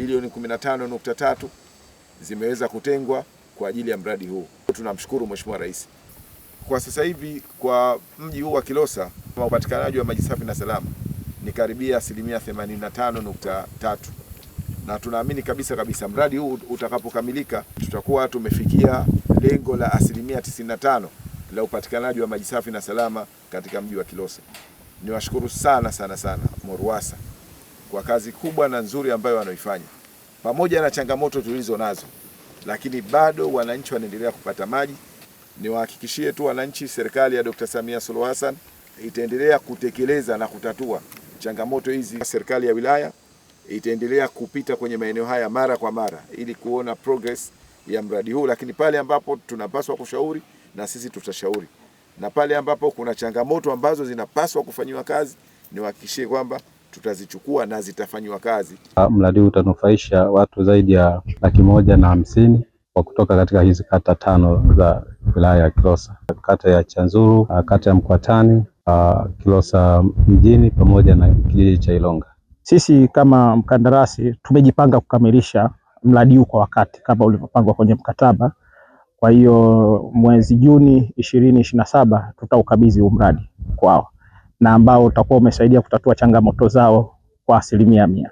bilioni 15.3 zimeweza kutengwa kwa ajili ya mradi huu. Tunamshukuru Mheshimiwa Rais. Kwa sasa hivi kwa mji huu wa Kilosa upatikanaji wa maji safi na salama ni karibia asilimia 85.3 na tunaamini kabisa kabisa mradi huu utakapokamilika tutakuwa tumefikia lengo la asilimia 95 la upatikanaji wa maji safi na salama katika mji wa Kilosa. Niwashukuru sana sana sana MORUWASA kwa kazi kubwa na nzuri ambayo wanaoifanya, pamoja na changamoto tulizo nazo, lakini bado wananchi wanaendelea kupata maji. Niwahakikishie tu wananchi, serikali ya Dr. Samia Suluhu Hassan itaendelea kutekeleza na kutatua changamoto hizi. Serikali ya wilaya itaendelea kupita kwenye maeneo haya mara kwa mara ili kuona progress ya mradi huu, lakini pale ambapo tunapaswa kushauri na sisi tutashauri, na pale ambapo kuna changamoto ambazo zinapaswa kufanyiwa kazi, niwahakikishie kwamba tutazichukua na zitafanywa kazi. Ah, mradi huu utanufaisha watu zaidi ya laki moja na hamsini kwa kutoka katika hizi kata tano za wilaya ya Kilosa, kata ya Chanzuru, ah, kata ya Mkwatani, ah, Kilosa mjini pamoja na kijiji cha Ilonga. Sisi kama mkandarasi tumejipanga kukamilisha mradi huu kwa wakati kama ulivyopangwa kwenye mkataba. Kwa hiyo mwezi Juni ishirini ishirini na saba tutaukabidhi huu mradi kwao na ambao utakuwa umesaidia kutatua changamoto zao kwa asilimia mia.